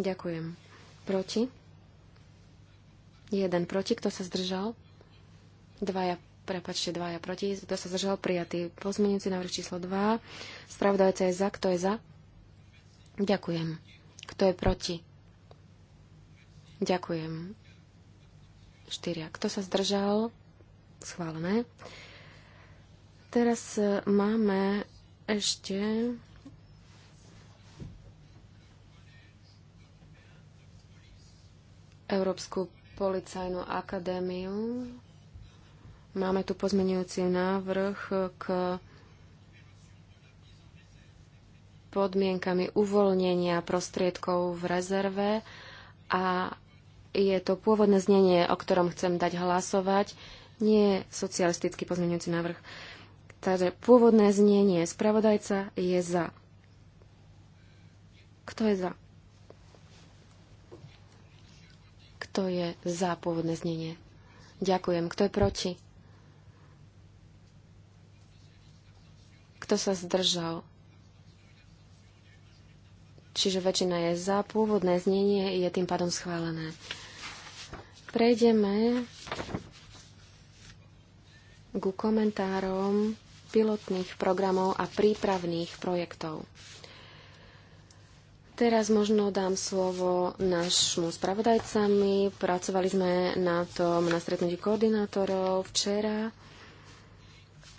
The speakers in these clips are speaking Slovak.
Ďakujem. Proti? Jeden proti. Kto sa zdržal? Dvaja, prepačte, dvaja proti. Kto sa zdržal? Prijatý. Pozmeňujúci návrh číslo 2. Spravodajca je za. Kto je za? Ďakujem. Kto je proti? Ďakujem. Štyria. Kto sa zdržal? Schválené. Teraz e, máme ešte Európsku policajnú akadémiu. Máme tu pozmenujúci návrh k podmienkami uvoľnenia prostriedkov v rezerve a je to pôvodné znenie, o ktorom chcem dať hlasovať, nie socialistický pozmenujúci návrh. Takže pôvodné znenie spravodajca je za. Kto je za? Kto je za pôvodné znenie? Ďakujem. Kto je proti? Kto sa zdržal? Čiže väčšina je za, pôvodné znenie je tým pádom schválené. Prejdeme ku komentárom pilotných programov a prípravných projektov. Teraz možno dám slovo našmu spravodajcami. Pracovali sme na tom na stretnutí koordinátorov včera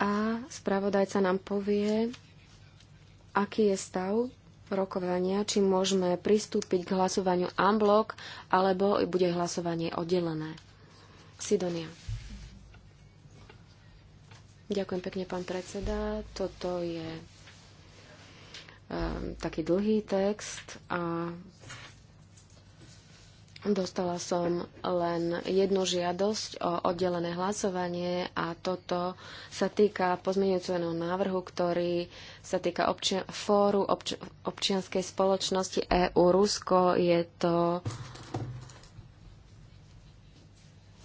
a spravodajca nám povie, aký je stav rokovania, či môžeme pristúpiť k hlasovaniu unblock, alebo bude hlasovanie oddelené. Sidonia. Ďakujem pekne, pán predseda. Toto je Ehm, taký dlhý text a dostala som len jednu žiadosť o oddelené hlasovanie a toto sa týka pozmeňujúceho návrhu, ktorý sa týka obči- fóru obč- občianskej spoločnosti EU-Rusko. Je to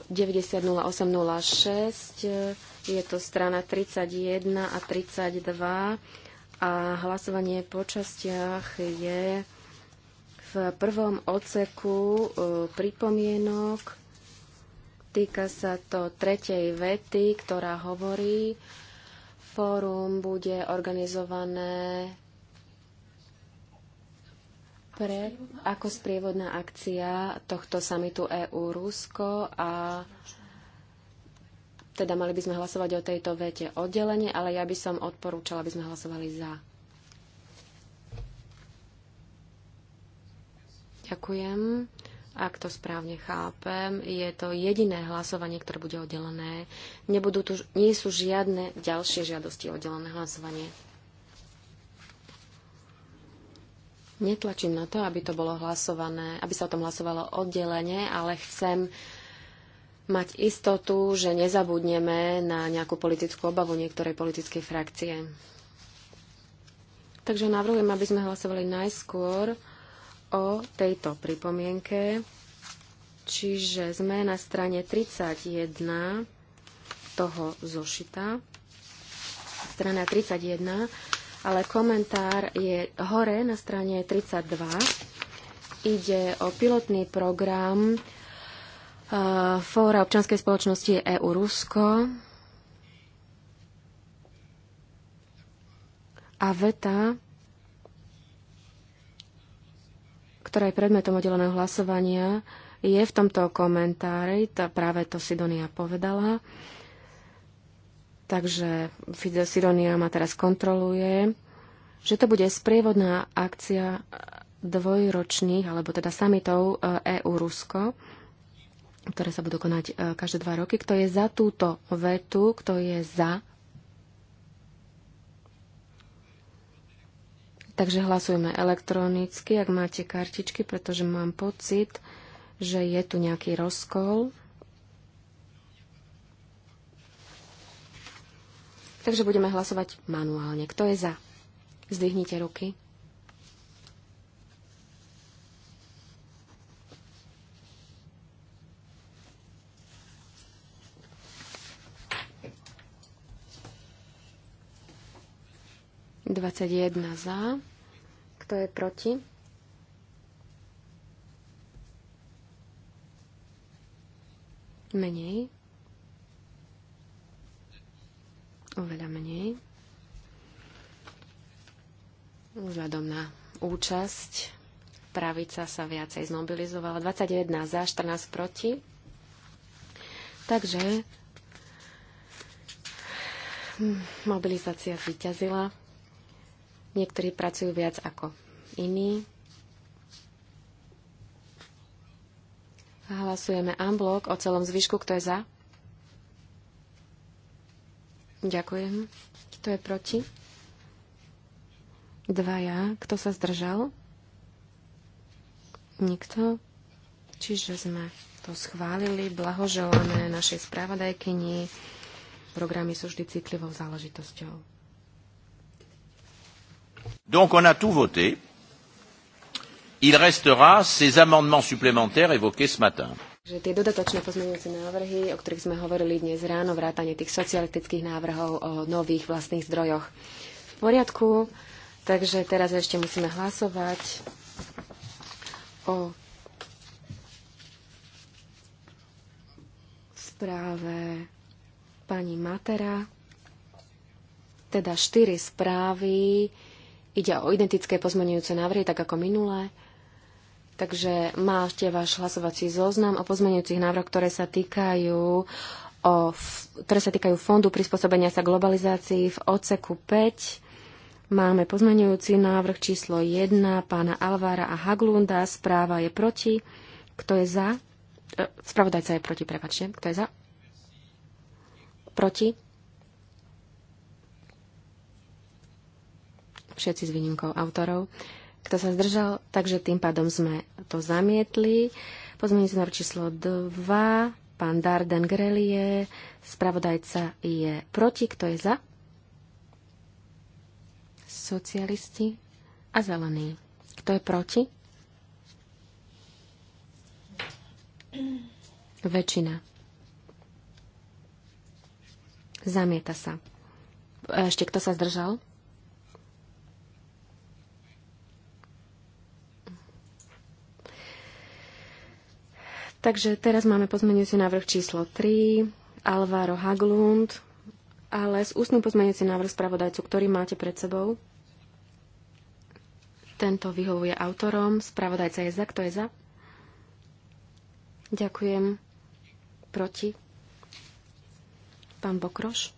900806, je to strana 31 a 32 a hlasovanie po častiach je v prvom odseku e, pripomienok. Týka sa to tretej vety, ktorá hovorí, fórum bude organizované pre, ako sprievodná akcia tohto samitu EU-Rusko a teda mali by sme hlasovať o tejto vete oddelenie, ale ja by som odporúčala, aby sme hlasovali za. Ďakujem. Ak to správne chápem, je to jediné hlasovanie, ktoré bude oddelené. Nebudú tu, nie sú žiadne ďalšie žiadosti o oddelené hlasovanie. Netlačím na to, aby to bolo hlasované, aby sa o tom hlasovalo oddelenie, ale chcem mať istotu, že nezabudneme na nejakú politickú obavu niektorej politickej frakcie. Takže navrhujem, aby sme hlasovali najskôr o tejto pripomienke. Čiže sme na strane 31 toho zošita. Strana 31, ale komentár je hore na strane 32. Ide o pilotný program Fóra občanskej spoločnosti EU-Rusko a VETA, ktorá je predmetom oddeleného hlasovania, je v tomto komentári, tá, práve to Sidonia povedala. Takže Sidonia ma teraz kontroluje, že to bude sprievodná akcia dvojročných, alebo teda samitov EU-Rusko. E ktoré sa budú konať e, každé dva roky. Kto je za túto vetu? Kto je za? Takže hlasujeme elektronicky, ak máte kartičky, pretože mám pocit, že je tu nejaký rozkol. Takže budeme hlasovať manuálne. Kto je za? Zdvihnite ruky. 21 za. Kto je proti? Menej. Oveľa menej. Vzhľadom na účasť pravica sa viacej zmobilizovala. 21 za, 14 proti. Takže hm, mobilizácia zvyťazila. Niektorí pracujú viac ako iní. Hlasujeme unblock o celom zvyšku. Kto je za? Ďakujem. Kto je proti? Dvaja. Kto sa zdržal? Nikto. Čiže sme to schválili. Blahoželáme našej správodajkyni. Programy sú vždy citlivou záležitosťou. Donc on a tout voté. Il restera ces amendements supplémentaires évoqués ce matin. že tie dodatočné pozmeňujúce návrhy, o ktorých sme hovorili dnes ráno, vrátanie tých socialistických návrhov o nových vlastných zdrojoch. V poriadku, takže teraz ešte musíme hlasovať o správe pani Matera, teda štyri správy, Ide o identické pozmenujúce návrhy, tak ako minulé. Takže máte váš hlasovací zoznam o pozmenujúcich návrhoch, ktoré sa týkajú o, ktoré sa týkajú fondu prispôsobenia sa globalizácii v oceku 5. Máme pozmenujúci návrh číslo 1 pána Alvára a Haglunda. Správa je proti. Kto je za? E, spravodajca je proti, prepačte. Kto je za? Proti? všetci s výnimkou autorov. Kto sa zdržal, takže tým pádom sme to zamietli. Pozmeňujúci návrh číslo 2, pán Darden Grelie, spravodajca je proti, kto je za? Socialisti a zelení. Kto je proti? Väčšina. Zamieta sa. Ešte kto sa zdržal? Takže teraz máme pozmeňujúci návrh číslo 3, Alvaro Haglund, ale s ústnym pozmeňujúci návrh spravodajcu, ktorý máte pred sebou. Tento vyhovuje autorom. Spravodajca je za. Kto je za? Ďakujem. Proti? Pán Bokroš?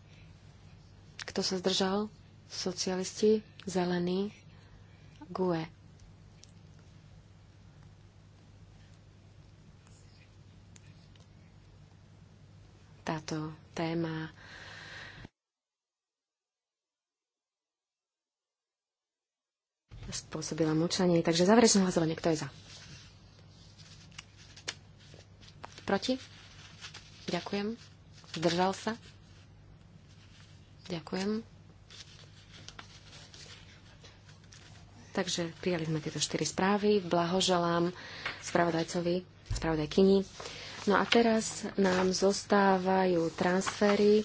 Kto sa zdržal? Socialisti? Zelení? GUE. táto téma spôsobila mučanie. Takže záverečné hlasovanie. Kto je za? Proti? Ďakujem. Zdržal sa? Ďakujem. Takže prijali sme tieto štyri správy. Blahoželám spravodajcovi, spravodajkyni. No a teraz nám zostávajú transfery.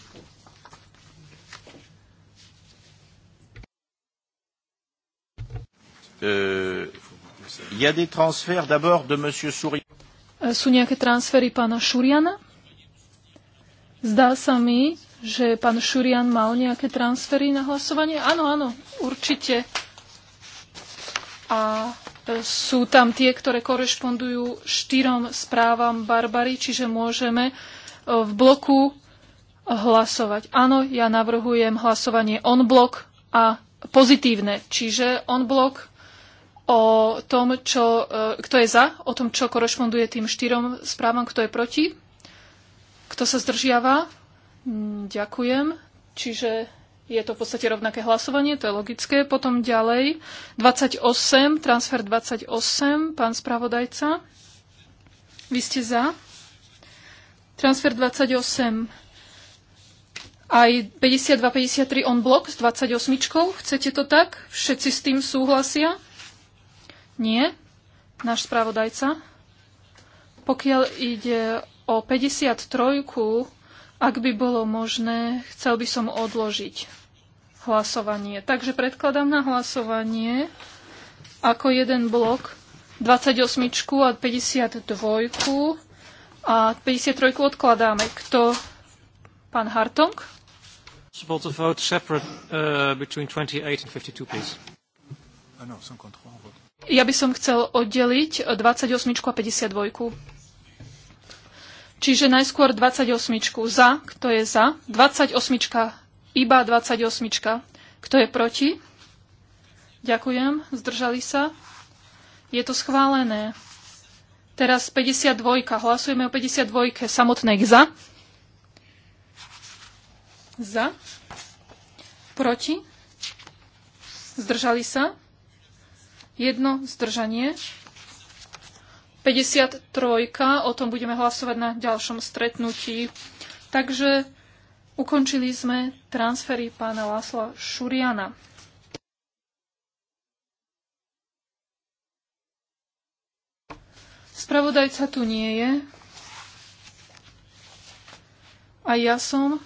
Uh, y a des transferts d'abord de monsieur Souriant. Euh, sú nejaké transfery pána Šuriana? Zdá sa mi, že pán Šurian mal nejaké transfery na hlasovanie. Áno, áno, určite. A sú tam tie, ktoré korešpondujú štyrom správam Barbary, čiže môžeme e, v bloku hlasovať. Áno, ja navrhujem hlasovanie on blok a pozitívne, čiže on blok o tom, čo, e, kto je za, o tom, čo korešponduje tým štyrom správam, kto je proti, kto sa zdržiava. Hm, ďakujem. Čiže je to v podstate rovnaké hlasovanie, to je logické. Potom ďalej 28, transfer 28, pán spravodajca. Vy ste za? Transfer 28 aj 52-53 on blok s 28. Chcete to tak? Všetci s tým súhlasia? Nie? Náš spravodajca? Pokiaľ ide o 53, ak by bolo možné, chcel by som odložiť hlasovanie. Takže predkladám na hlasovanie ako jeden blok 28 a 52 a 53 odkladáme. Kto? Pán Hartong? vote separate uh, between 28 and 52, please. Ah ja by som chcel oddeliť 28 a 52. Čiže najskôr 28 za, kto je za, 28 iba 28. Kto je proti? Ďakujem. Zdržali sa? Je to schválené. Teraz 52. Hlasujeme o 52. Samotnej za. Za. Proti. Zdržali sa. Jedno zdržanie. 53. O tom budeme hlasovať na ďalšom stretnutí. Takže Ukončili sme transfery pána Lasla Šuriana. Spravodajca tu nie je. A ja som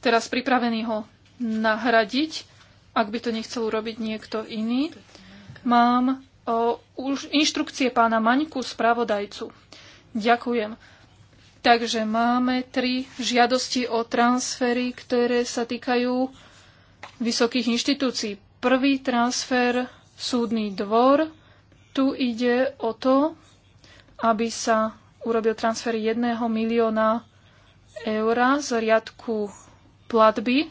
teraz pripravený ho nahradiť, ak by to nechcel urobiť niekto iný. Mám o, už inštrukcie pána Maňku, spravodajcu. Ďakujem. Takže máme tri žiadosti o transfery, ktoré sa týkajú vysokých inštitúcií. Prvý transfer súdny dvor. Tu ide o to, aby sa urobil transfer 1 milióna eur z riadku platby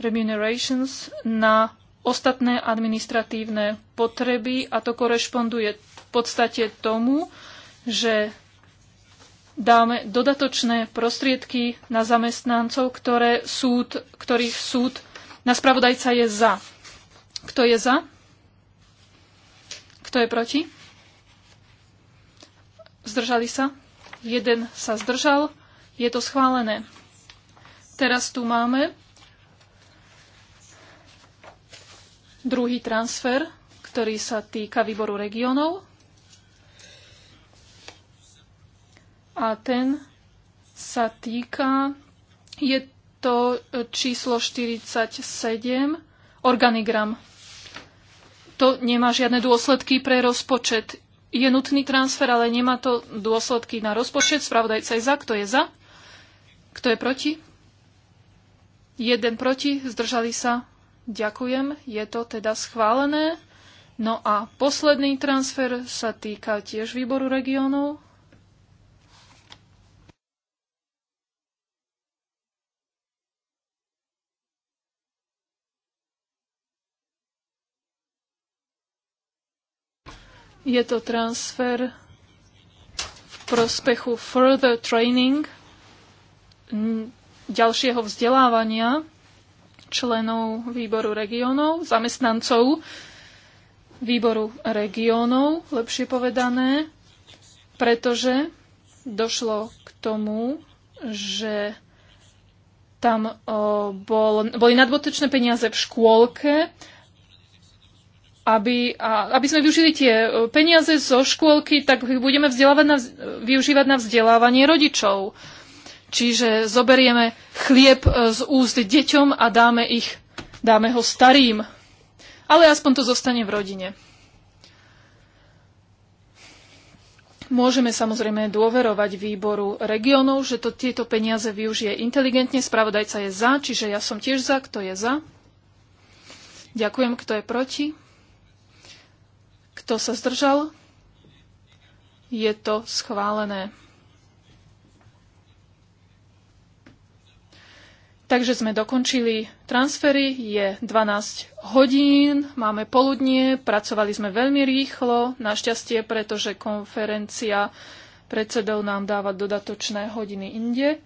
remunerations na ostatné administratívne potreby a to korešponduje v podstate tomu, že dáme dodatočné prostriedky na zamestnancov, ktoré súd, ktorých súd na spravodajca je za. Kto je za? Kto je proti? Zdržali sa? Jeden sa zdržal. Je to schválené. Teraz tu máme druhý transfer, ktorý sa týka výboru regionov. a ten sa týka, je to číslo 47, organigram. To nemá žiadne dôsledky pre rozpočet. Je nutný transfer, ale nemá to dôsledky na rozpočet. Spravodajca je za. Kto je za? Kto je proti? Jeden proti. Zdržali sa. Ďakujem. Je to teda schválené. No a posledný transfer sa týka tiež výboru regiónov. Je to transfer v prospechu further training, ďalšieho vzdelávania členov výboru regiónov, zamestnancov výboru regiónov, lepšie povedané, pretože došlo k tomu, že tam o, bol, boli nadbotečné peniaze v škôlke aby, a, aby sme využili tie e, peniaze zo škôlky, tak ich budeme vzdelávať na, využívať na vzdelávanie rodičov. Čiže zoberieme chlieb e, z úst deťom a dáme, ich, dáme ho starým. Ale aspoň to zostane v rodine. Môžeme samozrejme dôverovať výboru regionov, že to, tieto peniaze využije inteligentne. Spravodajca je za, čiže ja som tiež za, kto je za. Ďakujem, kto je proti. Kto sa zdržal? Je to schválené. Takže sme dokončili transfery, je 12 hodín, máme poludnie, pracovali sme veľmi rýchlo, našťastie, pretože konferencia predsedov nám dáva dodatočné hodiny inde.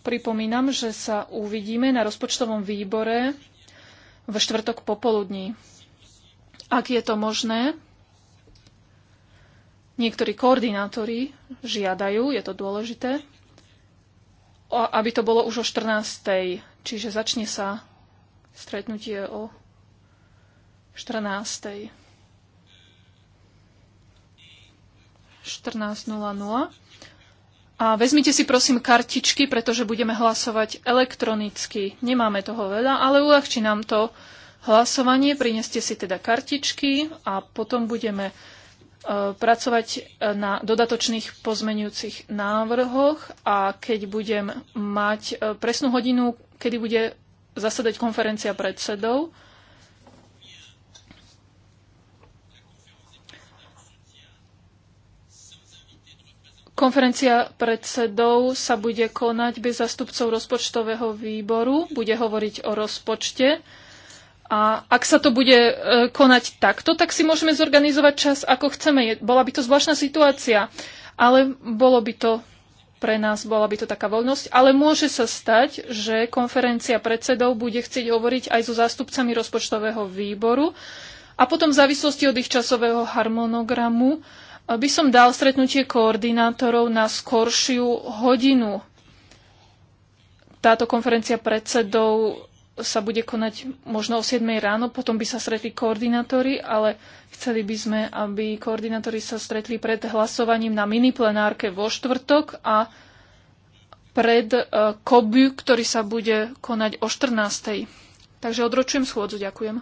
Pripomínam, že sa uvidíme na rozpočtovom výbore v štvrtok popoludní. Ak je to možné, niektorí koordinátori žiadajú, je to dôležité, aby to bolo už o 14. Čiže začne sa stretnutie o 14. 14.00. A vezmite si prosím kartičky, pretože budeme hlasovať elektronicky. Nemáme toho veľa, ale uľahčí nám to hlasovanie. Prineste si teda kartičky a potom budeme e, pracovať e, na dodatočných pozmenujúcich návrhoch a keď budem mať e, presnú hodinu, kedy bude zasadať konferencia predsedov, Konferencia predsedov sa bude konať bez zastupcov rozpočtového výboru, bude hovoriť o rozpočte a ak sa to bude e, konať takto, tak si môžeme zorganizovať čas, ako chceme. Je, bola by to zvláštna situácia, ale bolo by to pre nás, bola by to taká voľnosť. Ale môže sa stať, že konferencia predsedov bude chcieť hovoriť aj so zástupcami rozpočtového výboru a potom v závislosti od ich časového harmonogramu e, by som dal stretnutie koordinátorov na skoršiu hodinu. Táto konferencia predsedov sa bude konať možno o 7 ráno, potom by sa stretli koordinátori, ale chceli by sme, aby koordinátori sa stretli pred hlasovaním na mini plenárke vo štvrtok a pred uh, kobu, ktorý sa bude konať o 14. Takže odročujem schôdzu. Ďakujem.